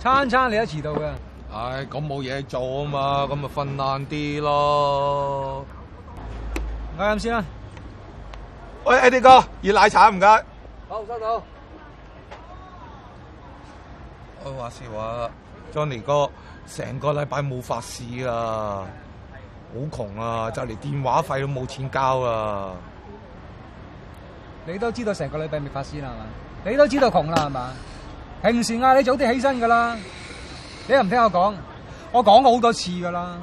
餐餐你都遲到㗎？唉、哎，咁冇嘢做啊嘛，咁咪瞓晏啲咯。啱啱先啦？喂 Eddie 哥，熱奶茶唔該。好收到。我話事話，Johnny 哥成個禮拜冇發市窮啊，好窮啊，就連電話費都冇錢交啊。你都知道成個禮拜未發市啦係嘛？你都知道窮啦係嘛？平時嗌、啊、你早啲起身噶啦，你又唔聽我講，我講過好多次噶啦。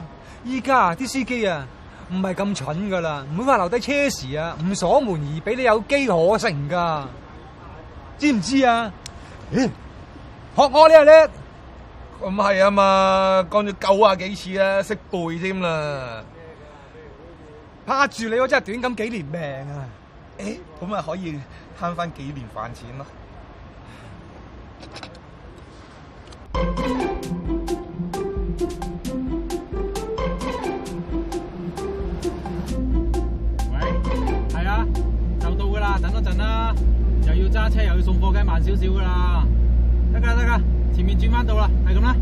依家啲司機啊，唔係咁蠢噶啦，唔會話留低車匙啊，唔鎖門而俾你有機可乘噶，知唔知啊？咦、欸，學我呢係叻，咁、嗯、係啊嘛，講咗九啊幾次呀，識背添啦。怕住你我真係短咁幾年命啊！誒、欸，咁咪可以慳翻幾年飯錢咯。喂，係啊，就到噶啦，等多陣啦，又要揸車又要送貨，梗係慢少少噶啦，得噶得噶，前面轉翻到啦，係咁啦。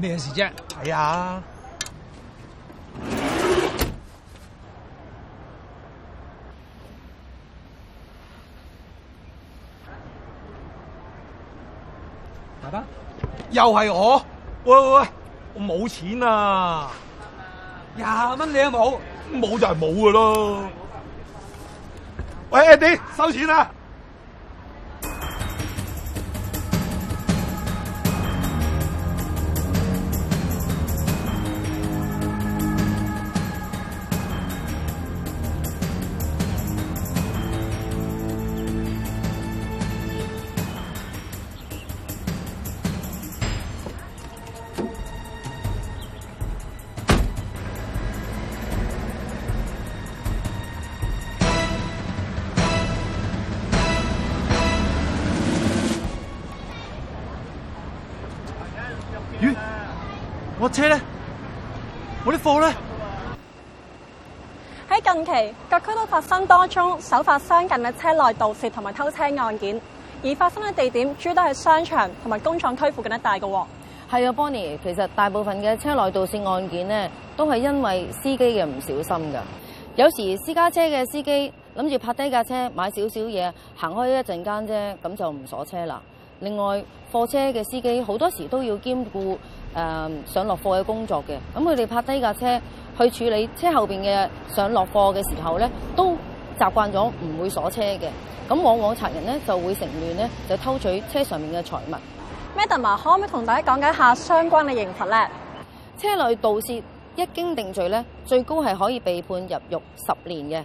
咩事啫？係啊，大班，又係我。喂喂喂，我冇錢啊！廿蚊你都冇，冇就係冇噶咯。喂，Andy，收錢啊！我車咧，我啲貨咧，喺近期各區都發生多宗手法相近嘅車內盜竊同埋偷車案件，而發生嘅地點主要都係商場同埋工廠區附近一帶嘅。係啊，Bonnie，其實大部分嘅車內盜竊案件呢，都係因為司機嘅唔小心噶有時私家車嘅司機諗住泊低架車買少少嘢，行開一陣間啫，咁就唔鎖車啦。另外，貨車嘅司機好多時都要兼顧。誒，上落貨嘅工作嘅，咁佢哋泊低架車去處理車後邊嘅上落貨嘅時候咧，都習慣咗唔會鎖車嘅，咁往往賊人咧就會成亂咧就偷取車上面嘅財物。Madam，可唔可以同大家講解下相關嘅刑罰咧？車內盜竊一經定罪咧，最高係可以被判入獄十年嘅；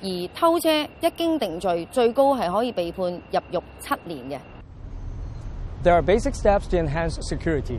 而偷車一經定罪，最高係可以被判入獄七年嘅。There are basic steps to enhance security.